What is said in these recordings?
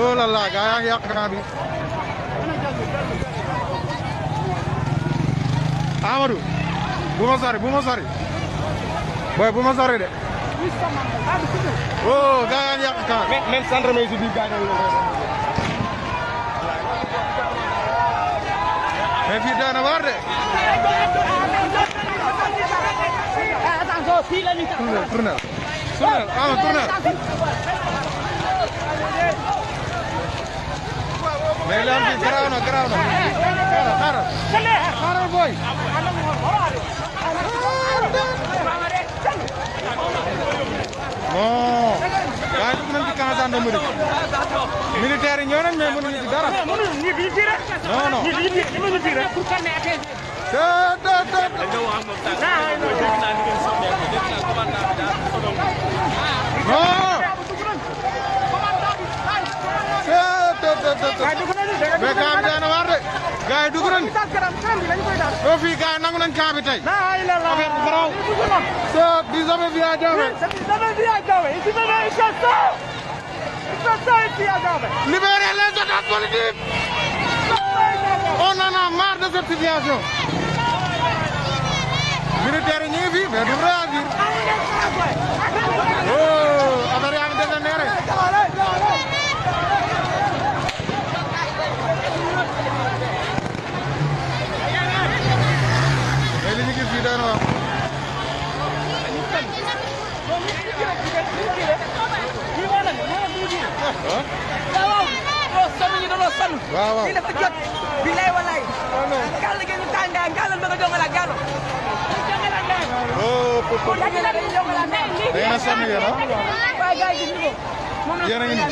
oh là gaa yaa ngi yàq rang bi Amadou bu ma sori bu ma sori booy bu ma sori de oh gaa yaa ngi yàq rang bi. même gendarmerie si gaa yi mais fii doy na waar de. tournel ma bi garaaw na garaaw na xaaral xaaral booy non waaye dugg nañ ci camp gendarmerie militaire yi ñëw nañ mais mënuñu ci dara non non non Vai, mais camp bi daan na waar de. gars yi nangu nañ camp bi tey. affaire bu garaaw. ça disait Viya Diawé. disait Viya Diawé. il disait il fait ça. il fait ça Viya Diawé. libérez les otages politiques. de cette situation. militaires yi ñu ngi fi mais waaw waaw lii dafa jot. bi lay walaay. gàll gi ñu tàngaay gàllal ma nga jongala ak gàllo. oh po po. dañu la dañu jongala ak gàllo. da ngeen a sonn yéen ah. waaye gars yi gis nga ko. moom la ñu ngi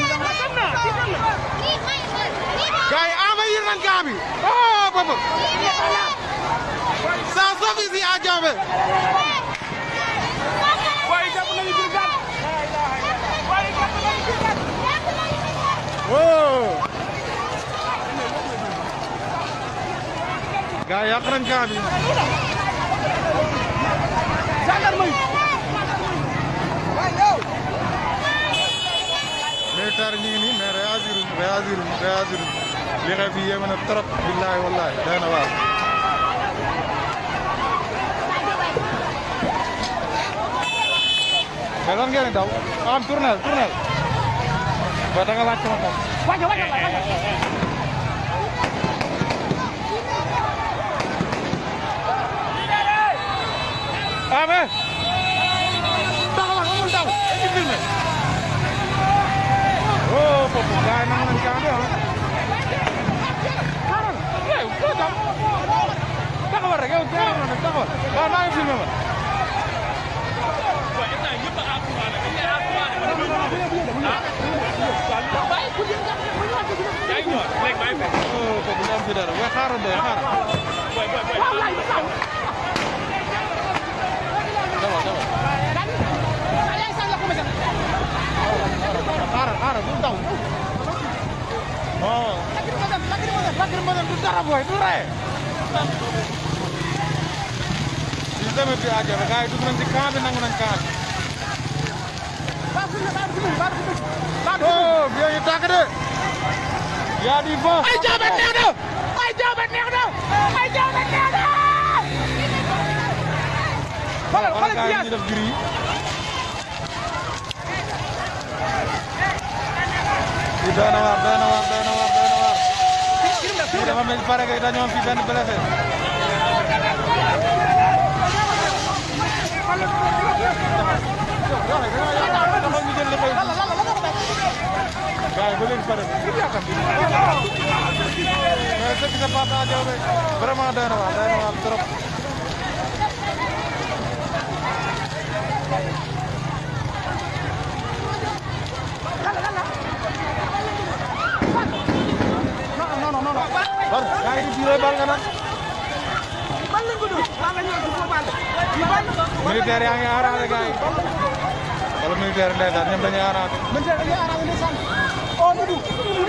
gars yi envahir nañ gaa bi. oh boobu. sans office yi à Diobé. waaye jàpp nañu biir gàll. waaye jàpp nañu biir gàll. gaa yàq nañ camp bi. militaire ñu ngi nii mais réagiruñ réagiruñ réagiruñ li na trop billaahi wallaahi day na waar. mais lan ngeen di daw Abi. Taxawal amul taw. ci filmé. oh foofu gars yi nangu nañu gàncax ah. xaaral yow doo taw. taxawal rek yow teel na taxawal waaw naa ngi filmé ma. waaw xaaral de xaaral. dara bul daw. waaw. lacrymogène lacrymogène lacrymogène du dara booy du rey. ñu demee bi àjjana gars yi dugg nañ ci camp bi nangu nañ camp bi. baatu bi baatu bi baatu bi baatu bi. oh bien ñu tàgg de. yaa ay jaabe neex na ay jaabe neex na ay jaabe neex na. xoolal xoolal bi yaa doy na waar doy na waar doy na waar doy na waar fii dafa mel pare que dañoo am fii benn blessé vraiment doy na waar doy na waar trop militaire yaa ngi arrangé gars yi wala militaire ndeysaan ñoom dañuy arrangé. militaire dañuy arrangé ndeysaan. oh Ibu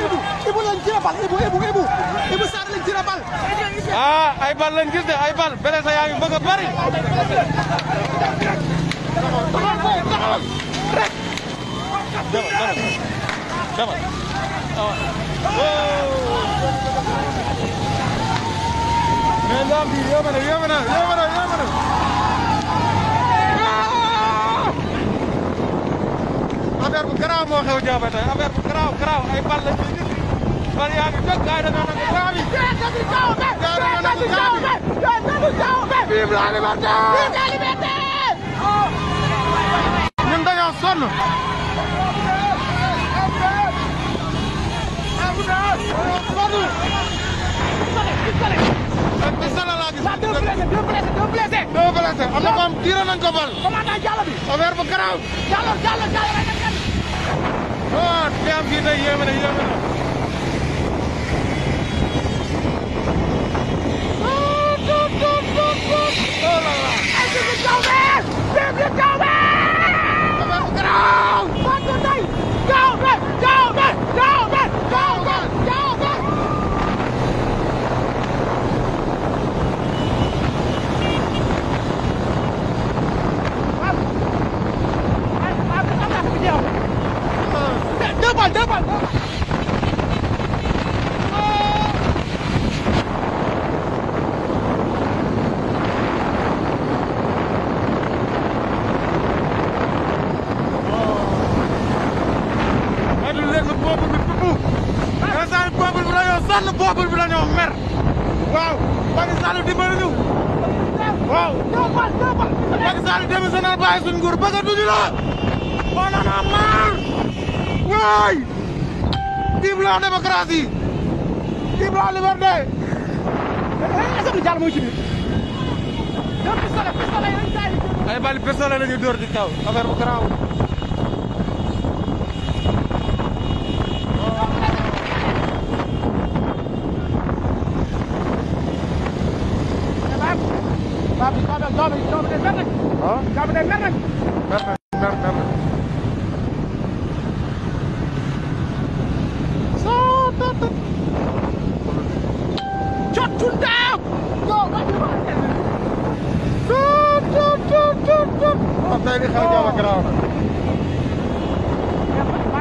Ibu Ibu lañ jëlee bal Ibu Ibu Ibu Ibu Sarr lañ jëlee bal. ah ay bal lañ gis de ay bal blessé yaa ngi bëgg a bari. dama dama dama. affaire bu garaaw moo xew Diaobé tey affaire bu garaaw garaaw ay bal lañ koy dindi bal yaa ngi jóg gars yi dañoo nangu caabi. gars yi dañoo nangu caabi. vive la liberté. vive la liberté. ñun dañoo sonn. am na ko am tiire nañ ko bal. commandant Diallo bi. affaire bu garaaw. Diallo Diallo Diallo waaw li am fii tey yéeme na yéeme na Oh, la la. Macky Sall dimbali ñu. waaw. Macky Sall démissionné na bàyyi suñu nguur bëggatuñu la. on en a waay. vive la démocratie. vive la liberté. mais ay bali pistolet la ñuy dóor di taw affaire bu garaaw. nag. ah daa ba tey mer nag. mer nag mer mer nag. soo tot tot. jotul daaw. yow man li ma la teel a. tot tot tot tot tot. waaw tey li xew ñëw la garaaw na.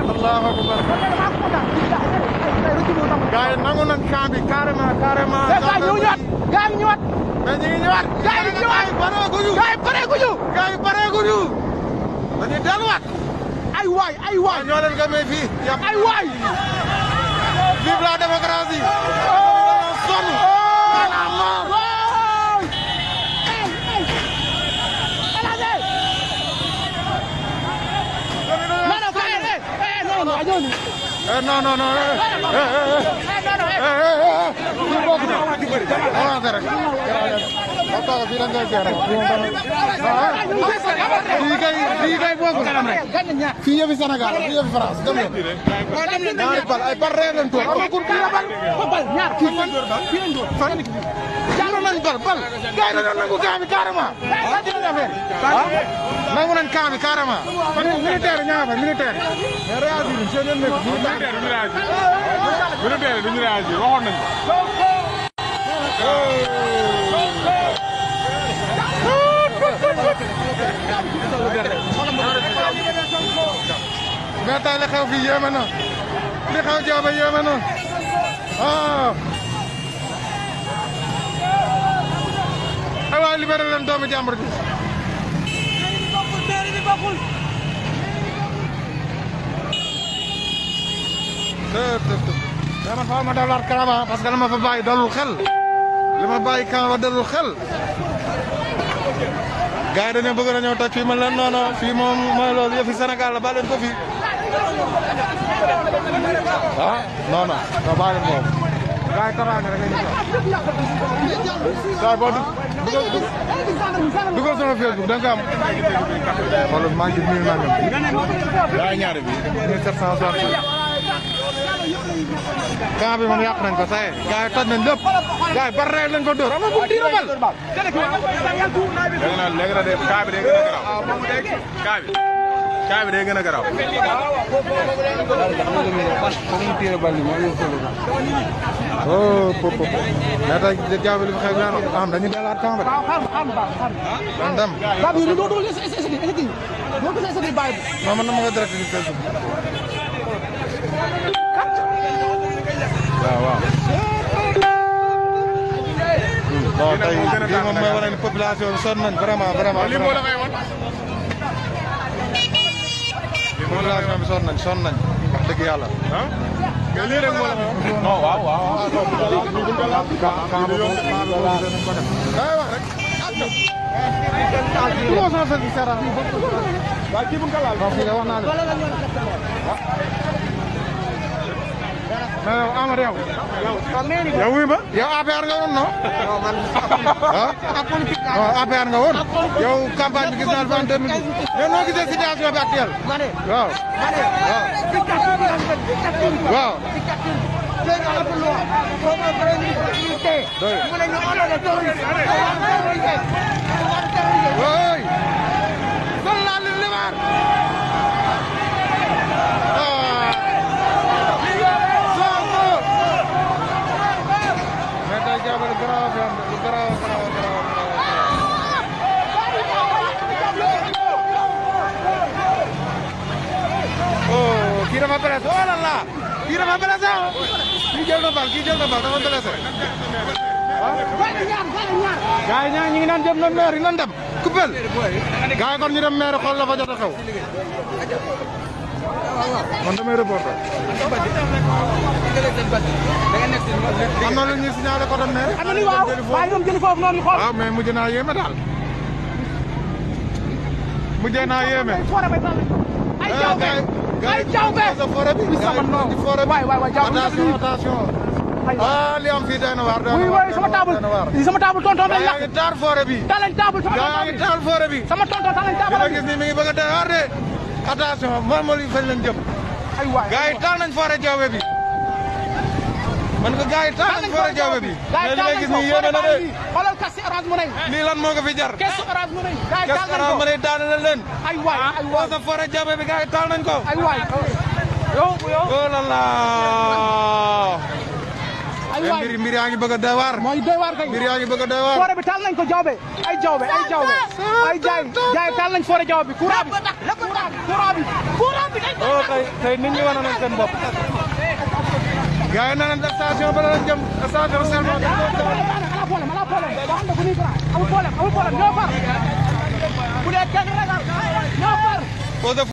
allahu akbar. gars yi nangu nañ camp bi carrément carrément. Eh, gars yi ñu ñëwaat gars yi ñëwaat. mais ñu ngi ñëwaat. gars yi ñëwaat gars yi pareeguñu. gars yi pareeguñu. dañuy delluwaat. ay waay ay waay ñoo leen gëmee fii. ay waay. vive la démocratie. Ayoni. Oh. non non non avancé rek ba toog fii da ngay gérer fii kay fii kay bokkul fii yëfi Sénégal fii yëfi France dem leen ñaari bal ay bal ree leen toog amagul fii la bal ñaar fii lañ door daanu nañ bal bal gars yi dañoo nangu camp bi carrément. ah dégg nga affaire ah nangu nañ camp bi carrément. parce que militaire ñaa fa militaire. mais bi seen nekk militaire duñu réagir militaire duñu réagir waxoon nañ mais li xew fii yéeme na li xew Diaba yéeme na ah. ay waay libéré leen doomu jàmbur bi. tëb tëb tëb. dama faaw ma dawlaat Karama parce que dama fa bàyyi dalul xel. li ma bàyyi Karama dalul xel. gars yi dañoo bëgg na ñëw toj fii man leen non non fii moom mooy loolu yëfi Sénégal la ba leen ko fi. ah non non non bàyyi leen boobu. gars yi taraanga rek la ñuy dugal sama Facebook da nga am. xoolal maa ngi nuyu naa ñoom. waaye ñaari bi. 1760. camp bi moom yàq nañ ko saa yéen gars yi toj nañ lépp ko dóor caa bi day gën a garaaw. oh po po po. mais tey jii caa bi li fi xew naa noonu. am dañuy dalaat temps ba de. waaw ndam. Pape yooyu doo doo est-ce que est-ce que doo ko est-ce que bàyyi bi. non man na ma ko direct nii Facebook. waaw waaw. bon tey lii moom mooy wane ni population bi sonn nañ vraiment vraiment. population bi sonn nañ sonn nañ wax dëgg yàlla. ah mais lii rek moo la. non waaw waaw waaw. wax rek. ah. waaw kii bu nga laal. wax naa leen. mais yow Amady yow. yow xam nga ni. yow wuy ma yow nga woon non. non man APR nga woon. yow campagne bi gis naa en deux mille. mais noo gisee situation bi actuelle. waaw. waaw. waaw. oh kii dafa blessé oh là là kii dafa blessé ah. kii jël na bal kii jël na bal dafa blessé. gars yi ngi na meer yi xool la fa jot a xew. man damay am na lu ñuy signalé ko doon ne. am na lu waaw waaye ñoom jëli foofu noonu ñu xool. waaw ah, mais mujj naa yéeme daal. mujjee naa yéeme. ay jawbe ay jawbe. Ah, waay waay waay jawbe attention attention. ah li am fii doy na waar doy na waar oui oui sama table sama table tonton day yàq. yaa ngi taal forêt bi. taal lañ table yaa ngi taal forêt bi. sama tonton taal lañ table bi. li ma gis nii mi ngi bëgg a doy waar de. attention moom mooy fañ lañ jëm. ay waay gars yi taal nañ forêt jawbe bi. man ko gars yi taal nañ foore jawbe bi mais li may gis nii yéeme na de xoolal kese orange mu nañ lii lan moo ko fi jar kese orange mu nañ kese orange mu nañ daane na leen ay waay ay waay sa foore jawbe bi gars yi taal nañ ko ay waay yow yow oh la la ay waay mbir mbir yaa ngi bëgg a doy waar mooy doy waar kay mbir yaa ngi bëgg a doy waar foore bi taal nañ ko jawbe ay jawbe ay jawbe ay jaay jaay taal nañ foore jawbe bi courant bi courant bi courant bi oh tey tey nit ñi wane nañ seen bopp yaa ngi naan station ba la jëm station Selma. amul problème amul problème ñoo far. bu dee kenn ragal ñoo far.